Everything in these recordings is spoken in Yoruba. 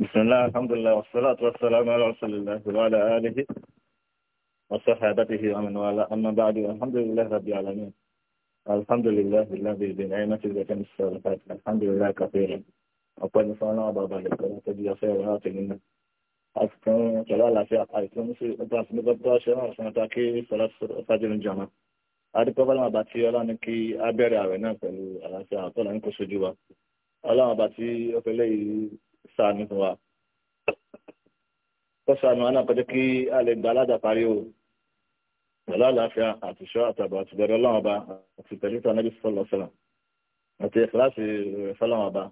بسم الله الحمد لله والصلاة والسلام على رسول الله وعلى آله وصحابته ومن والاه أما بعد الحمد لله رب العالمين الحمد لله الذي بنعمته وكان الصالحات الحمد لله كثيرا ọpẹ́ ní fún ọlọ́run bàbá lẹkọọ látọjú ọfẹ ọ̀rọ̀ láti nínú àfikún pẹ̀lú àlàáfíà àìsàn sí ọgbà àfinúgbà tó ṣe náà fún ọta kí sọlá fàjìrì jọmọ adúpẹ́ bọlá àbá tí ọlọ́run ní kí abẹ́rẹ́ ààrẹ náà pẹ̀lú àlàáfíà àtọlà ní kò sojú wa ọlọ́run àbá tí ọfẹlẹ yìí sànù wa kó sànù wa náà kọjá kí a lè gba aládàparí o pẹ̀lú àlàáfíà àtìṣọ́ àtàbọ̀ àtìbẹ̀rẹ̀ ọlọ́run ọba àti pẹ̀lú ìtàn náà bí sọ́lọ́ sọ́lọ́ àti ìfúláṣí rẹ̀ fọ́lọ́run ọba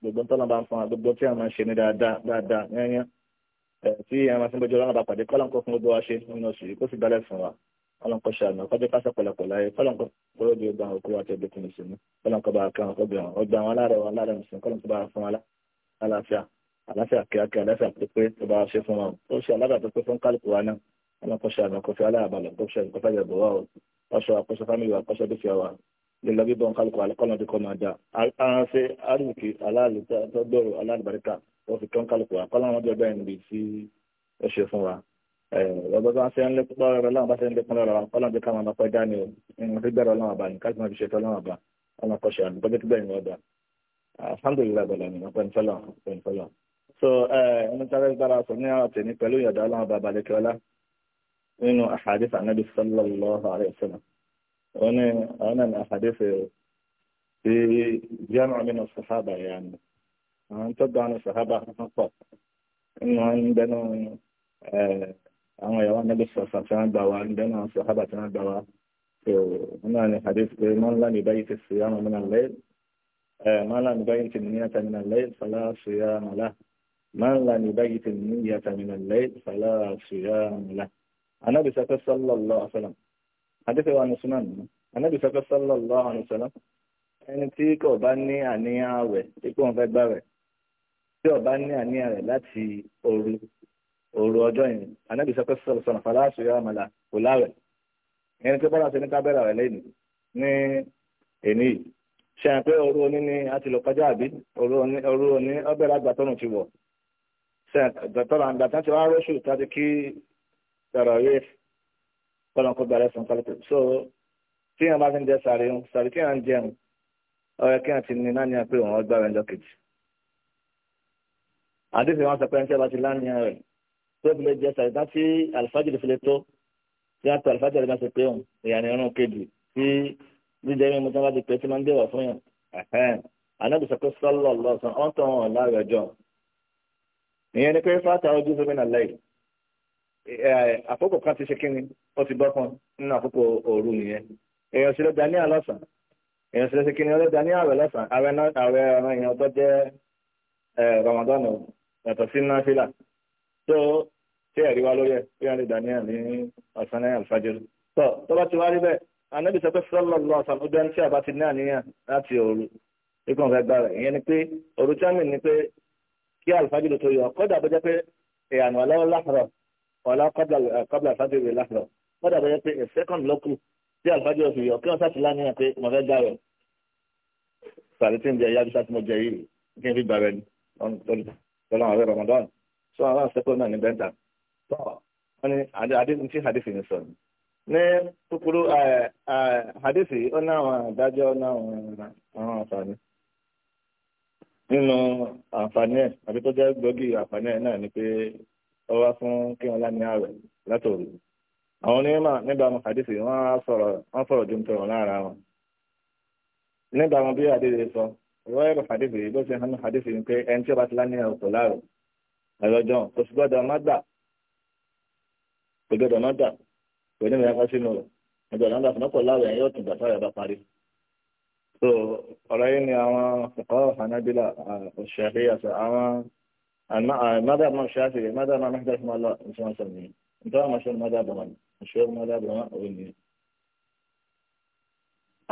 gbogbo ń tọ́lọ́ba ń fún wa gbogbo tí a máa ń ṣe ní dáadáa dáadáa yányá tí a máa ń bójú ọlọ́run ọba pàdé kọ́lọ́nkọ́ fún gbogbo wa ṣe nínú oṣù yìí kó sì balẹ̀ fún wa kọ́lọ́nkọ́ ṣàánú kọ́jọ́ kásẹ̀ pẹ̀lẹ́pẹ̀lẹ́ ayé kọ́lọ́nkọ́ kúrò di ogun bá a kan àlàáfíà àlàáfíà kíákíá àlàáfíà pípé tó bá ṣe fún wa ó ṣe alága tó pé fún kálukú wa náà ọlọ́kọ̀ṣe àgbàkọ̀ṣe aláàbàlẹ̀ tó ṣe nǹkan fẹ́jẹ̀ bọ̀ wá o ọṣọ àkọṣe fámìlì wa kọ́ṣẹ́ dúkìá wa lílọ bíbọn kálukú alẹ́kọ̀ọ́nà ti kọ́ máa da ara ṣe àrùkì aláàlú tó gbòòrò aláàlùbáríkà ó fi kán kálukú wa kọ́ láwọn ọjọ́ bẹ́ẹ̀ níbi tí ó ṣe fún wa ọgbọ́n bá ṣe ń lékún lọ́rọ̀ láwọn bá ṣe ń lékún lọ́rọ̀ ọlọ́run ti ká máa pẹ́ dání o ìrìn àti gbẹ̀rọ ọlọ́run àbá ní ká alhamdulilayi bẹ̀rẹ̀ ni ọ̀pẹ̀ nfẹ́lọ̀ ọ̀pẹ̀ nfẹ́lọ̀ so ẹni tẹ́lẹ̀ gbára sọ ní àwọn tèmi pẹ̀lú ìyọ̀dọ̀ ọlọ́run bàbá lẹ́kẹ́ọ́lá nínú àhàdís ànábì sallallahu alaihi wasallam òun ọ̀nà ní àhàdís ti jẹ́mọ̀ nínú sàhábà yẹn ni àwọn tó gbà ní sàhábà kan pọ̀ nínú wọn ń bẹnu àwọn ìyàwó ànábì sọ̀sọ̀ tí wọ́n gbà wá ń bẹnu sàhábà tí wọ́n gbà wá so ọ̀nà ní àhàdís pé mọ́ńlá ní báyìí ti sèyàn mọ́ ما لم يبيت النية من الليل فلا صيام له من لم يبيت النية من الليل فلا صيام له النبي صلى الله عليه وسلم حديث عن سنن النبي صلى الله عليه وسلم ẹni tí kò bá ní àníyàn rẹ̀ tí kò ń fẹ́ gbà rẹ̀ tí ò bá ní àníyàn rẹ̀ láti òru òru ọjọ́ yẹn anábì sọ pé sọ̀rọ̀ sọ̀rọ̀ fàlàsù yọ àmàlà kò láwẹ̀ ẹni tí bọ́lá ṣe ní kábẹ́rẹ́ rẹ̀ lẹ́nu ní èní yìí ṣe àpẹ òru oní ni a ti lọ kọjá àbí òru oní ọbẹ̀rẹ̀ àgbàtọ́rùn ti wọ̀ ṣe àgbàtọ́rùn àgbàtọ́rùn ti wá rọ́ṣù tàbí kí tọ̀rọ̀ yé kọ́lọ́n kó gbàrẹ́ fún kálípù so tí yẹn bá ti ń jẹ sàrí ń sàrí tí yẹn ń jẹun ọ̀rẹ́ kí yẹn ti ní náà ní pé òun ọgbà rẹ̀ lọ́kejì àdéhùn wọn sọ pé ẹni tí a bá ti láníyàn rẹ̀ tó fi lè jẹ sàrí tán tí àlùfáàjì fi lè tó tí wọn pe àlùfáàjì rẹ̀ bá ti pé jíjẹ mímu tí wọ́n bá ti pẹ́ tí máa ń dẹ̀wọ̀ fún yàn anábì sọ pé sọ́lọ̀ lọ́sàn án tó hàn láàrọ̀ ọjọ́ ìyẹn ni pé fáta ojú fún mi nà lẹ́yìn àkókò kan ti ṣe kí ni ó ti bọ́ kan nínú àkókò òru nìyẹn èèyàn sì lọ da ní àlọ́sàn èèyàn sì lọ ṣe kí ni ó lọ da ní àwẹ̀ lọ́sàn àwẹ̀ ọ̀ràn èèyàn tó jẹ́ Ramadan yàtọ̀ sí náfìlà tó ṣe ẹ̀rí wa lórí ẹ̀ bí wọ́n lè da ní àlẹ́ ọ̀sán náà àlùfájọ́ tó bá ti wá rí bẹ́ẹ̀ anábì sọ pé sọlọ́lọ́ ọ̀sán ọjọ́ ní tí a bá ti ní àníyàn láti òru ikú ọ̀gá gbára ìyẹn ni pé òru chairman ni pé kí alifájúlò tó yọ kọ́dà bó jẹ́ pé ìyànà ọlọ́wọ́ láàárọ̀ ọ̀la kọ́bla alifájúlò láàárọ̀ kọ́dà bó jẹ́ pé second lókù tí alifájúlò fi yọ kí wọ́n sàtìlá níyàn pé mo fẹ́ gbà rẹ̀ sàrí tí ń jẹ yájú sátí mo jẹ yìí kí n fi gbà rẹ̀ lọ́nà ọ̀rẹ́ Ramadan sọ àwọn àṣẹ́kọ̀ọ́ náà ní bẹ́ńtà tó wọ́n ní adé ní tí hadith ní sọ̀rọ̀ ní kúkúrú ọ ó ní àwọn àdájọ́ ó ní àwọn àǹfààní nínú àǹfààní ẹ̀ àbí tó jẹ́ gbòógì àǹfààní ẹ̀ náà ni pé ó fún kí wọn láni látòrí àwọn onímọ̀ níbàámu hadisi wọ́n sọ̀rọ̀ wọ́n ju lára wọn níbàámu bí sọ bó ṣe hàn ni pé ẹni tí ó bá ti láni ọ̀pọ̀ láàrọ̀ ẹ̀rọ pẹ̀lú ìyá fásínú rẹ̀ ẹgbẹ́ ọ̀nà àfọ̀nà pọ̀ láwẹ̀ ẹ̀yọ́ tó gbàtà rẹ̀ bá parí. so ọ̀rọ̀ yìí ni àwọn ọ̀kọ́ hanabila ṣàfi àṣà àwọn mádà máa ṣáfi rẹ̀ mádà máa mẹ́ta fún ọlọ́ ìṣọ́nṣọ́ ni nítorí àwọn aṣọ mádà bọ̀ wọn aṣọ mádà bọ̀ wọn òun ni.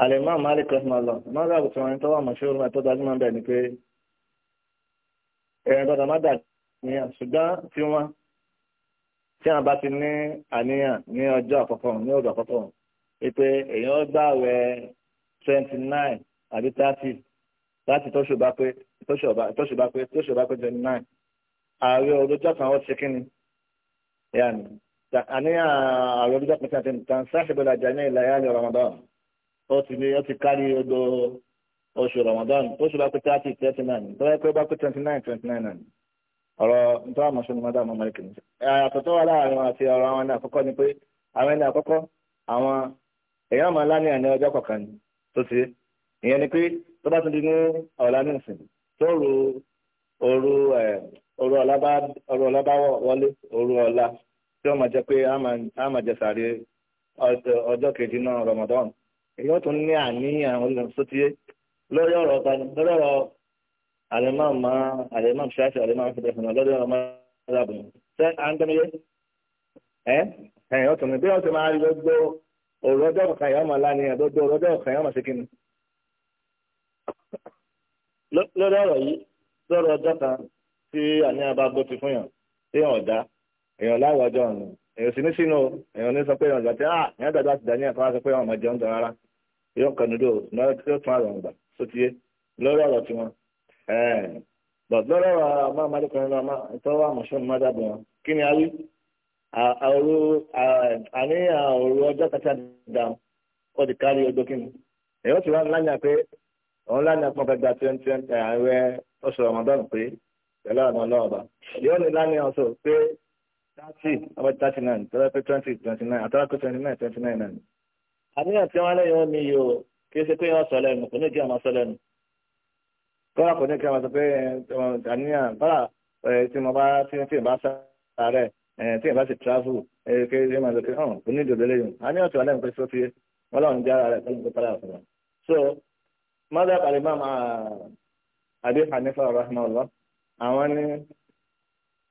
àlèmọ́ malik rahmanlọ mádà bọ̀ tiwọn tó wà mọ̀ṣọ́ rẹ̀ tó dájú máa bẹ̀ ni pé ẹ̀rìn tí wọn bá ti ní àníyàn ní ọjọ́ àkọ́kọ́ ní ọjọ́ àkọ́kọ́ pé èèyàn gbà wẹ̀ twenty nine àbí thirty láti tọ́sù bá pé tọ́sù bá tọ́sù bá pé tọ́sù bá pé twenty nine ààrẹ olójọ́ kan wọ́n ti ṣe kínni yàní àníyàn ààrẹ olójọ́ kan ti àti nǹkan sáṣẹ́bẹ̀lẹ̀ àjà ní ìlà yàrá Ramadan ó ti ní ó ti kárí odò oṣù Ramadan tọ́sù bá pé thirty thirty nine tọ́wọ́ pé bá pé twenty nine twenty nine nine. ọ̀rọ̀ nke àmọ́ ṣọ́ni mọ́tà àmọ́ mọ́lẹ́kì ní. àyàtọ̀ tó wà láàrin wọn àti àwọn ẹni ni pé àwọn ẹni àwọn èèyàn máa ní tó ti ìyẹn ni pé tó bá tún di ní ọ̀la ní ìsìn tó ru òru òru ọ̀la bá òru ọ̀la bá wọlé tí máa jẹ pé alimam ma alimam shafi alimam fi dẹkùn náà lọ́dọ̀ ọmọ alábùn ṣé à ń tẹ́lẹ̀ ẹ ẹ ọ̀tún mi bí ọ̀tún máa rí gbogbo ọ̀rọ̀ ọjọ́ ọ̀kan yẹn ọmọ lánìí ẹ̀ gbogbo ọ̀rọ̀ ọjọ́ ọ̀kan yẹn ọmọ sí kíni. lọ́dọ̀ ọ̀rọ̀ yìí lọ́rọ̀ ọjọ́ kan tí àní abá gbó ti fún yàn tí yàn ọ̀dá èèyàn láwọ̀ ọjọ́ ọ̀nà èèyàn sì ní sínú èèyàn ní sọ pé èèyàn gbàtí ah èèyàn dàgbà ti dàní àkọ́wá sọ pé àwọn ọmọ jẹun tán rárá yóò kàn nílò náà tí ó tún àrùn gbà sótìyé lọ́rọ̀ ọ̀rọ̀ tiwọn but lọ́rọ̀ àmọ́ àmàlẹ́kọ̀ọ́ ẹ̀rọ àmọ́ ìtọ́wọ́ àmọ̀ṣọ́ ni mádàbí kí ni a àrò àní àrò ọjọ́ kàtà dáhùn kọ́ ti kárí ọjọ́ kí ni èyí ó ti wá gba twenty twenty ààrẹ oṣù Ramadan pé pẹ̀lú àwọn yóò ní lánàá ọ̀ṣọ́ pé thirty ọmọ thirty nine tọ́lá pé twenty twenty nine àtọ́lá twenty nine twenty nine àníyàn tí wọ́n lẹ́yìn o ka í ṣe pé wọ́n sọ lẹ́nu kò ní kọ́lá kò ní kí a máa sọ pé eh, àníyàn kọ́lá eh, eh, tí mo bá tí tí ìbá sáré tí ìbá sì travel kí ẹ máa sọ pé hàn kò ní ìdòdó lẹ́yìn àníyàn tí wà lẹ́yìn pé sọ fi wọn lọ́run jẹ́ ara rẹ̀ pẹ̀lú pípa láàfin wọn. so mother alimam ah, Abi Hanifa rahimahullah àwọn ní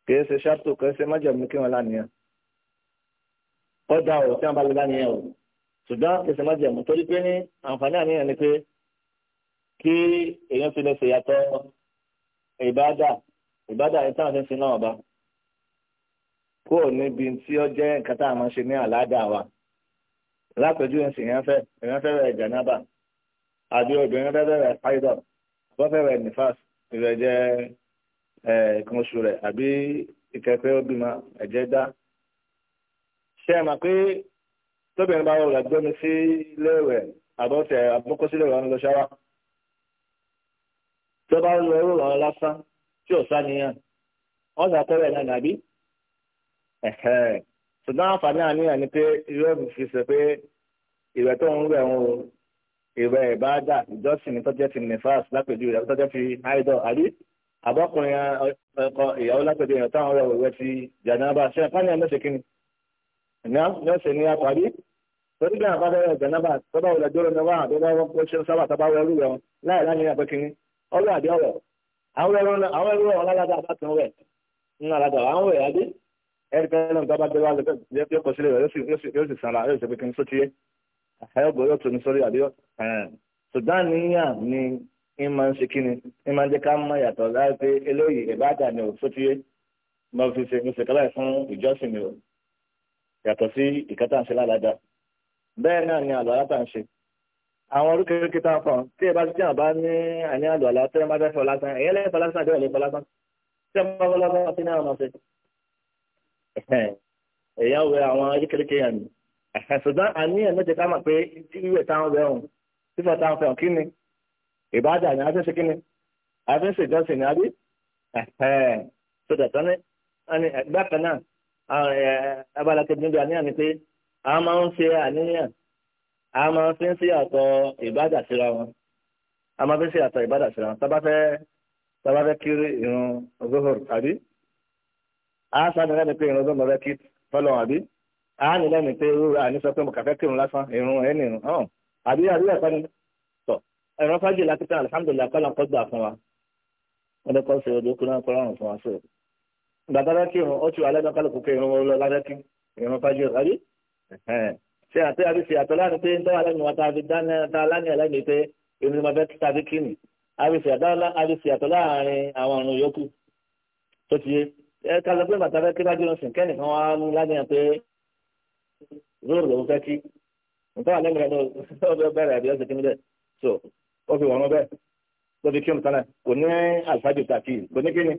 kì í ṣe ṣáàtò kì í ṣe májèmú kí wọn lánìyàn ó dá o tí wọn bá lè lánìyàn o ṣùgbọ́n kì í ṣe májèmú torí kí èèyàn fi lè ṣèyàtọ̀ ìbádà ìbádà táwọn náà ọba kó o níbi tí ó jẹ́ nǹkan tá a máa ṣe ní àládà wa lápẹjú ìsìn èèyàn fẹ́ èèyàn fẹ́ rẹ̀ àbí obìnrin fẹ́ bẹ̀rẹ̀ fáìdọ̀ wọ́n fẹ́ rẹ̀ nífàs ìrẹ̀ jẹ́ ẹ̀ẹ̀kan oṣù rẹ̀ àbí ìkẹ́kẹ́ obìnrin ẹ̀jẹ̀ dá ṣe é mà pé bá sí ilé rẹ̀ àbọ̀tẹ̀ tó bá lọ ẹrú ọ̀rọ̀ lásán tí ọ̀sá nìyàn wọ́n sọ akọ́rẹ́ náà nàbí ṣùgbọ́n àǹfààní àníyàn ni pé irú ẹ̀bùn fi sọ pé ìwẹ̀ tó ń rẹ̀ ń o ìwẹ̀ ìbáàdà ìjọsìn ní tọ́jẹ́ ti nìfàs lápèjú ìyàwó tọ́jẹ́ fi àìdọ̀ àbí àbọ́kùnrin ọkọ ìyàwó lápèjú ìyàwó táwọn rẹ̀ ìwẹ̀ ti jàǹdàbà ṣe àpáníyàn lọ́sẹ̀ kínní lọ́sẹ̀ ní àpárí torí bí àbábẹ́rẹ̀ jàǹdàbà tọ́bà wọlé dóró ní wà àbẹ́rẹ́ wọn kó ṣe sábà tọ́bà wọlé rẹ̀ láì láníyàn pé kínní ọwọ́ àbí ọwọ́ àwọn ẹran náà àwọn ẹran náà alága àbátan wẹ̀ ń alága àwọn ẹ̀ adé ẹ̀rí kan náà gbábá gbẹ́wà lẹ́fẹ̀ẹ́ yóò kọ́ sílẹ̀ rẹ̀ yóò sì sanra yóò sì pé kí n sọ́tí yé àyọ̀gbọ̀ yóò tó ní sórí àbí ṣùgbọ́n níyàn ni ń máa ń ṣe kí ni ń máa ń jẹ́ ká mọ̀ yàtọ̀ láti pé eléyìí ìbáàdà ni ò sọ́tí yé mo fi ṣe mo ṣe kábàáyé fún ìjọsìn mi ò yàtọ̀ sí ìkátà ń ṣe lálàdà bẹ́ẹ̀ náà ni àlọ́ látà ń ṣe àwọn oríkèéríkè tá a fọ tí ẹ bá ti tíyàn bá ní àní àlọ́ àlá tí ẹ bá fẹ́ fọ lásán ẹ̀yẹ́ lẹ́yìn fọ lásán àdéhùn lè fọ lásán tí ẹ bá fọ lásán àti náà máa ṣe. ẹ̀yà wẹ àwọn oríkèéríkè yẹn ni ṣùgbọ́n àníyàn méje ká mọ̀ pé wíwẹ̀ táwọn wẹ̀ ọ̀hún fífọ̀ táwọn fẹ̀ ọ̀hún kí ni ìbáàdà ni àti ṣe kí ni àti ṣe ìjọsìn ni àbí ṣọdọ̀ tán ní bákan náà abala kejì níbi àníyàn ni pé a máa ń ṣe àníyàn a máa fi ń ṣèyàtọ̀ ìbádà síra wọn a máa fi ń ṣèyàtọ̀ ìbádà síra wọn tábà fẹ́ tábà fẹ́ kiri ìrun zuhur àbí a sábà fẹ́ kiri ìrun zuhur fẹ́ kí fọlọ́ àbí a ní lẹ́nu pé rúra àní sọ pé mo kà fẹ́ kírun lásán ìrun ẹ̀ nìrun hàn àbí àbí ẹ̀kọ́ ni tọ̀ ẹ̀rọ fájì lákìtàn alihamudulilayi kọ́lá ń kọ́ gbà fún wa wọ́n lè kọ́ sí odò kúrò náà kọ́ lọ́rùn fún wa sí òkú gbàgbára kírun ó ti wà lẹ́nu kálukú kírun lọ ládàkí ìrun fájì rẹ̀ rí ṣe àti àti ṣe àtọ́ láti pé ń tọ́wọ́ alẹ́ wọn tàbí dáná ta lánìí alẹ́ pé èmi ni mo fẹ́ tàbí kíni àti ṣe àtọ́ láàrin àwọn ọ̀run yòókù tó ti yé ẹ ká lọ pé bàtà fẹ́ kí bá jẹun sìn kẹ́nìkan wá ní lánìí pé lóòrò lòún fẹ́ kí nǹkan àlẹ́ mìíràn ló fẹ́ bẹ̀rẹ̀ àbí ọ̀sẹ̀ kí ni so ó fi wọ̀n bẹ́ẹ̀ ló fi kí òun tánà kò ní alifájì tàkì kò ní kí ni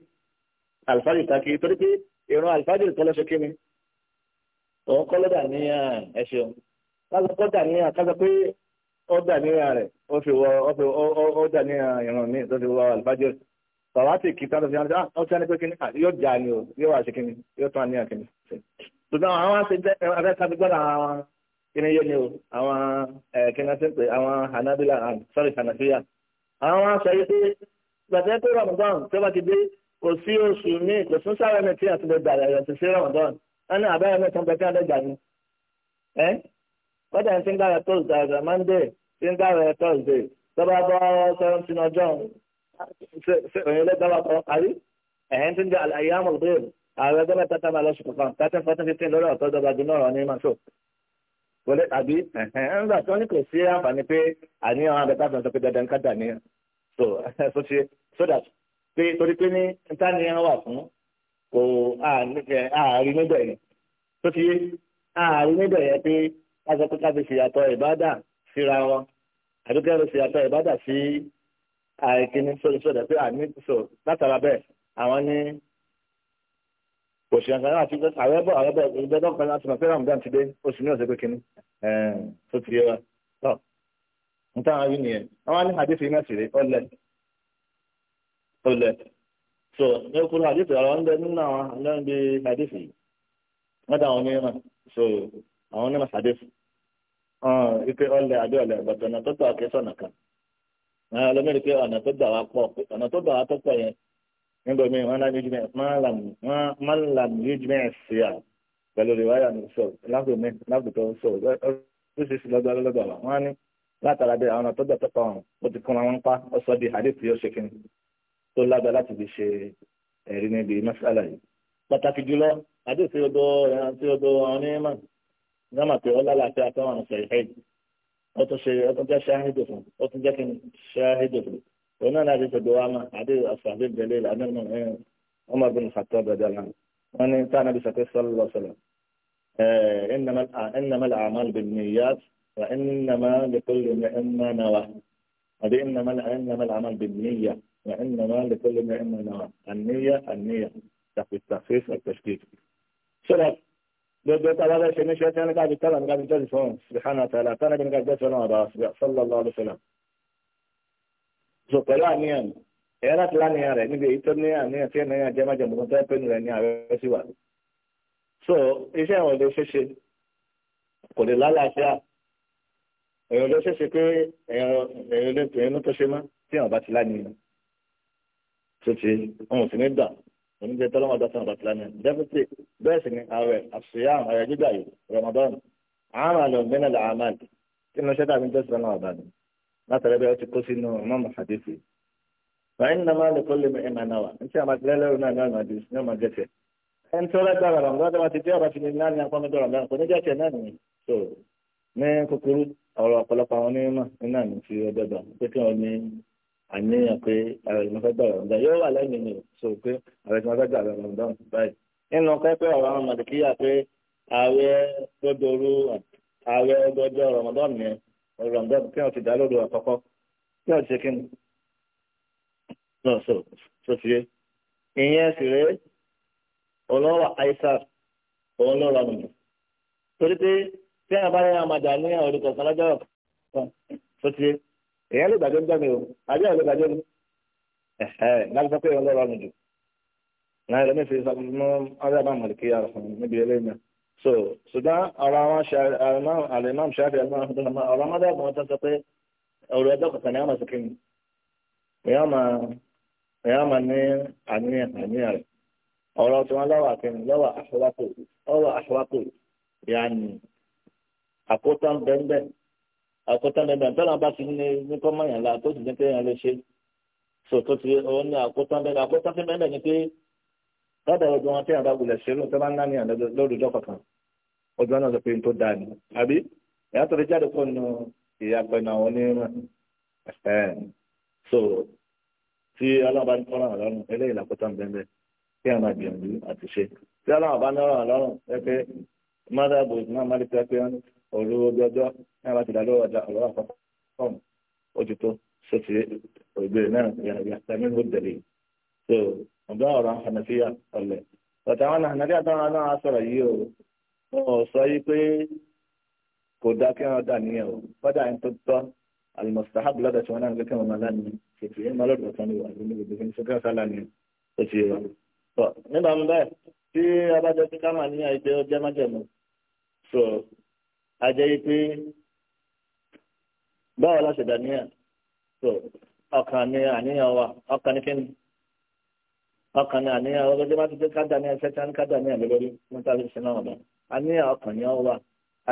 alifájì tàkì torí pé ìran alifájì tọ́lọ́ṣe kí òun kọ́ lọ́dà ní ẹ ṣeun kásọ pé ọ̀dà ní kásọ pé ọ̀dà ní rẹ̀ ó fi wọ ọ̀dà ní ìran mi tó fi wọ àlùbájọ́ bàbá ti kì í tán tó fi hàn sí ọ́ tí wọ́n ní pé kíní yóò jà ni o yóò wá ṣe kíní yóò tún àníyàn kíní ṣe ṣùgbọ́n àwọn àti abẹ́kábí gbọ́dọ̀ àwọn kíní yé ni o àwọn kíní ṣe ń àwọn hanabila sorry hanafiya àwọn wọn sọ yìí pé gbàtẹ́ pé Ramadan tó bá ti dé kò sí oṣù míì kò sún sáré mi tí àtúndẹ̀ gbà yàtọ̀ ana abaya mai tambaka da gani eh wadan sun gara thursday da monday sun gara thursday tọba bọ seventeen ọjọ́ òyìnbó tọba bọ àrí ẹhẹn tí ń jẹ àyàmọ bẹ́ẹ̀ ààrẹ ẹgbẹ́ mẹ́ta tá a máa lọ sùn kankan thirteen fourteen fifteen lórí ọ̀tọ̀ ìjọba ju náà ní màṣọ wọlé àbí ẹhẹn ńgbà tí wọn ní kò sí àǹfààní pé àníyàn abẹ́ká sọ̀tọ̀ pé dandan ká dà níyàn so so ṣe so that pé torí pé ní ntàníyàn wà fún kò àárín níbẹ̀ yẹn tó ti yé àárín níbẹ̀ yẹn pé káṣọ pé káṣọ ṣèyàtọ̀ ìbádà síra wọn àbí káṣọ ṣèyàtọ̀ ìbádà sí àìkíní sọ̀rọ̀sọ̀rọ̀ pé àní sọ látara bẹ́ẹ̀ àwọn ní òṣìṣẹ́ kan láti gbé àwọn ẹbọ àwọn ẹbọ ìgbẹ́dọ̀ kan láti mọ̀ pé ramadan ti dé oṣù ní ọ̀sẹ̀ pé kínní tó ti yé wa tọ́ nítawọn yìí nìyẹn àwọn ní àdéfì náà sì rè ọlẹ ọlẹ so ní o kúrò àdìsí àwọn ọ̀nbẹ nínú àwọn ọ̀nbẹ àdìsí wọ́n dà àwọn onímọ̀ so àwọn onímọ̀ àdìsí ike ọ̀lẹ̀ àbí ọ̀lẹ̀ bàtà ọ̀nà tó tọ̀ àkẹ́sọ̀ nìkan náà lọ́mọdé pé ọ̀nà tó dà wá pọ̀ ọ̀nà tó dà wá tó pọ̀ yẹn nígbà míì wọn láti jùmẹ̀ máa làm yóò jùmẹ̀ sí à pẹ̀lú rìwáyà ní sọ lágbo mi lágbo tó sọ oríṣiríṣi lọ́dọ̀ lọ́dọ̀ wọn ní látara bẹ́ẹ̀ àwọn ọ̀nà tó dà tó pọ̀ wọn ó ti kún wọn pa ọ̀sọ́ di àdìsí ó ṣe tó lágbára láti fi ṣe ẹ̀rí níbi mẹ́sàlá yìí. pàtàkì jùlọ àdéhùn sí odò àti odò àwọn onímọ̀ nígbà pé ọlá láti àtàwọn àwọn ọ̀sẹ̀ ìhẹ́ ọtún ṣe ọtún jẹ́ ṣáhídò fún ọtún jẹ́ kí n ṣáhídò fún òun náà láti ṣèdò wa mà àdéhùn àṣàbí bẹ̀lẹ̀ àdéhùn ọmọ ọdún ìfàtọ́ bẹ̀dẹ̀ lánàá wọn ní sáà nàbì sàkẹ́ sọ́lọ́ sọ́lọ́ إنما الأعمال بالنيات وإنما لكل ما نوى هذه إنما إنما العمل بالنية وإنما لكل ما إنما النية النية التخفيف التشديد سلام بدي أطلع هذا شيء مش أنا قاعد أتكلم قاعد أجلس هون الله تعالى أنا قاعد أجلس هون صلى الله عليه وسلم سو كلا نيان era la niya re ni bi to niya niya ti niya jama jama ko ta pe ni niya re si wa so iṣẹ́ àwọn ilé ṣẹṣẹ kò lè lálàáfíà èèyàn ló ṣẹṣẹ pé èèyàn èèyàn ló tó ṣe mọ́ tí àwọn bá ti awon ba tó ti ohun sì ní dà oníjẹ tọ́lọ́mọ dọ́sán ọ̀dọ̀ tìlánì dẹ́pútì bẹ́ẹ̀ sì ni ààrẹ àṣìyàn ààrẹ gbígbà yìí Ramadan àmàlẹ̀ òmìnira àmàlẹ̀ kí ni ṣẹ́dá mi jọ́sìn náà bá mi látàrí bẹ́ẹ̀ ó ti kó sínú mọ́mọ́ àdéfì báyìí nínú máa lè kó lè mẹ́ẹ̀mà náà wà ní tí a máa ti lẹ́lẹ́rù náà náà máa di ní ọmọ jẹ́tẹ̀ ẹni tó lẹ́gbàá Ramadan tó máa ti jẹ́ ọ̀rọ̀ fi ní láàrin apọ́nmọ́dọ̀ Ramadan kò ní jẹ́tẹ̀ náà nìyí so ní kúkúrú ọ̀rọ̀ ọ̀pọ̀lọpọ̀ àwọn onímọ̀ nínú àmì ti ọjọ́ gbà pé kí wọ́n ní a àníyàn pé àwọn ìmọ̀ fẹ́ gbà rọ̀mọ̀dán yóò wà lẹ́yìn ni sọ pé àwọn ìmọ̀ fẹ́ gbà rọ̀mọ̀dán báyìí nínú pẹ́pẹ́ ọ̀rọ̀ àwọn màdìkíyà pé ààrẹ gbọdọ̀rú ààrẹ ọgọjọ́ rọ̀mọ̀dán yẹn rọ̀mọ̀dán kí wọ́n ti dá lóru àkọ́kọ́ kí wọ́n ti ṣe kí ni. náà sọ sọ ti yé ìyẹn sì rèé olówó àìsàn òun ló rọrùn jù torí pé tí àwọn bá yẹn àmàdà ní àwọn olùkọ̀ọ̀kan lọ́jọ́ kan sọ ti yé èèyàn lè gbàjọ́ nígbà mi o àbí àwọn lè gbàjọ́ ni láti sọ pé òun lọ́rọ̀ àmì jù náà ẹ̀rọ mẹ́fì sọ mọ́ ọ̀rẹ́ àbá mọ̀lìkì ara fún mi níbi eléyìí náà so ṣùgbọ́n ọ̀rọ̀ àwọn àlèmọ́ ṣáfì ọ̀rọ̀ ọmọdé ọ̀gbọ̀n tó sọ pé ọ̀rọ̀ ẹjọ́ kọ̀ọ̀kan ni a máa sọkè mi èèyàn máa ní àníyàn àníyàn rẹ̀ ọ̀rọ̀ tí wọ́n lọ́wọ́ àkẹ́ni lọ́wọ́ aṣọ́wápò ọ̀rọ̀ aṣọ́wápò yà ní àkótán bẹ́ẹ̀ àkótán dandan tọ́lá bá ti ní ní kọ́ mọ̀yàn la tó ti ní pé yẹn lè ṣe so tó ti ọ ní àkótán dandan àkótán tí mẹ́lẹ̀ ni pé lọ́dọ̀ ọdún wọn tí yàrá wulẹ̀ ṣe lóun tó bá ń lá ní àná lórúkọ kankan ọdún náà sọ pé n tó dáa ni àbí ìyá tó lè jáde pọ̀ nínú ìyá pẹ̀lú àwọn onímọ̀ so tí aláàbá ní kọ́ra àlọ́run eléyìí làkótán bẹ́ẹ̀ kí àwọn àgbìyànjú òru ọjọ́ náà láti dálé ọjà ọ̀rọ̀ àkọ́kọ́ ọ̀hún ojú tó ṣe ti ògbèrè náà yàtàmí ló dẹ̀lé so ọ̀dọ́ ọ̀rọ̀ ànàfíà ọ̀lẹ̀ ọ̀tà àwọn ànàfíà táwọn náà sọ̀rọ̀ yìí o ọ̀ sọ yìí pé kò dá kí wọn dà níyẹn o fọ́dà ń tó tọ́ alimọ̀sáhábù lọ́dọ̀ tí wọn náà ń gbé kí wọn máa lánìí ṣètì yẹn máa lọ́dọ̀ kan ní wà nínú nígbà tí abájọ ti ká so a jẹ́ yí pé báwo la ṣe dàníyàn tó ọkàn ni àníyàn wa ọkàn ni kíni ọkàn ni àníyàn wa gẹ́gẹ́ bá ti jẹ́ ká dàníyàn ṣẹ́ta ní ká dàníyàn lé lórí ní ká fi ṣe náà lọ àníyàn ọkàn ni ọ wa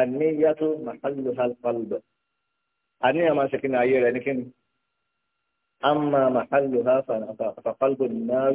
àníyàn tó màálù hàlùbọ̀ àníyàn máa ṣe kíni ayé rẹ̀ ní kíni. أما محلها فقلب النار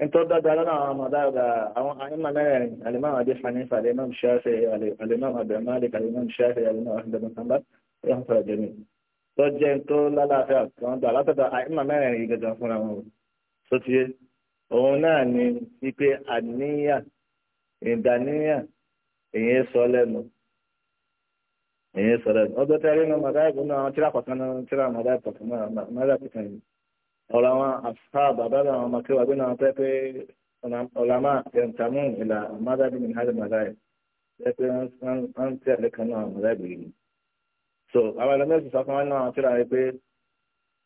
nítorí dáadáa lọ́nà àwọn àmàdáàdà àwọn àyínmàlẹ́rìn alimam adé hanifa alimam shafi alimam abdulmalik alimam shafi alimam ahmedanbamba ẹ̀hún fẹ́rẹ̀ jẹ́mi tó jẹ́ tó lálàáfíà kan gbà látọ̀dọ̀ àyínmàlẹ́rìn yìí gẹ̀gẹ̀ fúnra wọn tó ti yé òun náà ni wípé àníyàn ìdáníyàn èyí sọ lẹ́nu èyí sọ lẹ́nu ọjọ́ tẹ́rí nu màdáàbù náà tíra kọ̀ọ̀kan náà tíra màdáàbù kọ̀ọ̀kan náà ọ̀rọ̀ ashab àfáàbà bàbá àwọn ọmọkéwà gbé náà pẹ́pẹ́ ọ̀làmà ẹ̀ǹtàmù ìlà mádàbí ní hàlùmáláì pẹ́pẹ́ wọ́n ń tẹ̀lé kan náà mọ̀lẹ́bí yìí. so àwọn ẹlẹ́mẹ̀sì sọ fún wọn náà tíra rẹ pé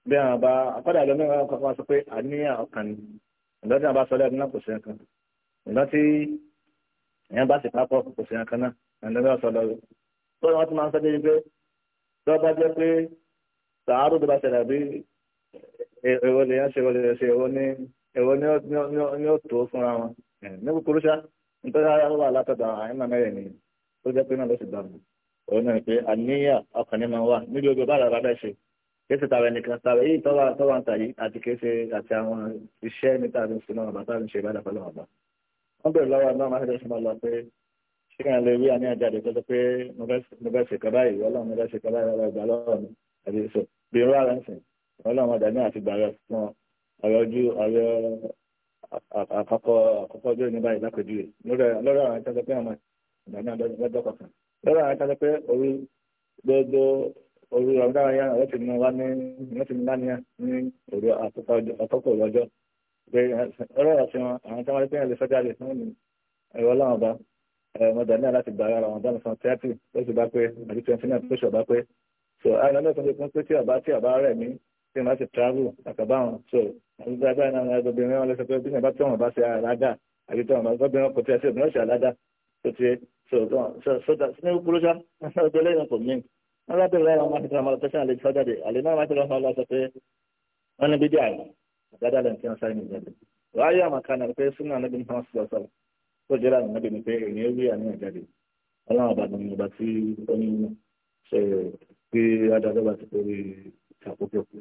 bí àwọn bá akọ́dà ẹlẹ́mẹ̀sì wọn kọ́kọ́ sọ pé àníyàn ọkàn ni ìgbà tí wọn bá sọ lẹ́nu náà kò sí ẹ̀kan ìgbà tí èèyàn bá sì pápọ̀ kò sí ẹ̀kan náà ẹlẹ́mẹ̀sì sọ lọ́wọ́ tó wọn ti máa ń sọ ẹ̀wọ́ lè yá ṣe ẹ̀wọ́ lè yá ṣe ẹ̀wọ́ ní ẹ̀wọ́ ní ọ̀tọ̀ fúnra wọn ní kúkúrú ṣá nítorí ara wà látọ̀dọ̀ àyínlá mẹ́rin ni ó jẹ́ pé náà ló sì dàbò òun náà pé àníyàn ọkàn ní máa wà níbi ogun bá rárá bẹ́ẹ̀ ṣe kí ṣe tàbí ẹnìkan tàbí èyí tọ́wà tọ́wà ń tà yìí àti kí ṣe àti àwọn iṣẹ́ níta àti ìṣúná ọ̀bà tá à ń ṣe ìbádà pẹ̀lú ọ̀bà wọ́n bẹ̀rẹ̀ lọ́wọ́ náà máa ṣẹ̀ṣẹ̀ máa lọ pé ṣé kàn lè rí àníyàn jáde tó pé mo fẹ́ ṣe kọ́ ọlọ́run mo fẹ́ ṣe kọ́ ọlọ́run ìgbà lọ́run àti ìṣó bí irú àrẹ́sìn ọlọ́run ọ̀dà náà àti gbàrẹ̀ fún ọ ọ̀rọ̀ ojú ọ̀rọ̀ àkọ́kọ́ àkọ́kọ́ ọjọ́ ìní báyìí lápẹ̀jùwe lọ́rọ̀ àwọn ìtọ́jọ́ pé àwọn ìgbà náà lọ́jọ́ kọ̀ọ̀kan lọ́rọ̀ àwọn ìtọ́jọ́ pé orí gbogbo orí ọ̀dára yá wọ́n ti mú wá ní wọ́n ti mú wá ní òru àkọ́kọ́ ọjọ́ pé ọ̀rọ̀ àti wọn àwọn tí wọ́n rí pé ẹ̀ lè fẹ́ jáde fún ẹ̀rọ ọlọ́run ọba ọmọdé náà láti gbà ara wọn dáná san thirty lóṣù bá pé àti twenty nine lóṣù bá pé so àwọn ọlọ́sàn lè kún pé tí ọba tí tí wọ́n bá ti travel àkàbà wọn so àwọn ìgbà báyìí náà obìnrin wọn lọ́sọ̀ pé bí wọ́n bá tí wọ́n bá ṣe àládà àbí tí wọ́n bá obìnrin kò tí a ṣe obìnrin ṣe àládà tó ti so so ní kúrú sá ọjọ́ lẹ́yìn kò mí wọ́n bá bẹ̀rẹ̀ láwọn mákìtì àwọn ọ̀tẹ́sán àlejò fọ́jáde àlejò náà mákìtì wọn lọ sọ pé wọ́n ní bídí àlọ́ àgádà lẹ́yìn tí wọ́n sáré nìyẹn wáyé àmàkánà pé súnà anábì ní fáwọn sọ̀rọ̀ sọ̀rọ̀ tó jẹ́ láàrin anábì ní pé ènìyàn wí àníyàn jáde ọlọ́run ọba ní